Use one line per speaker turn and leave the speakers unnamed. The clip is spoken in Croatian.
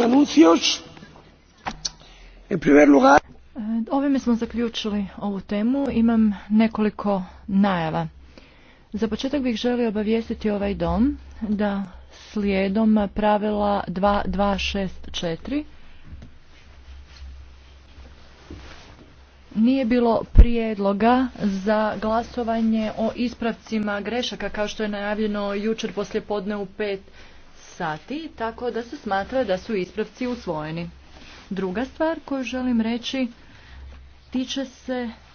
E, e,
ovime smo zaključili ovu temu. Imam nekoliko najava. Za početak bih želio obavijestiti ovaj dom da slijedom pravila 2264 nije bilo prijedloga za glasovanje o ispravcima grešaka kao što je najavljeno jučer poslijepodne u pet sati, tako da se smatra da su ispravci usvojeni. Druga stvar koju želim reći tiče
se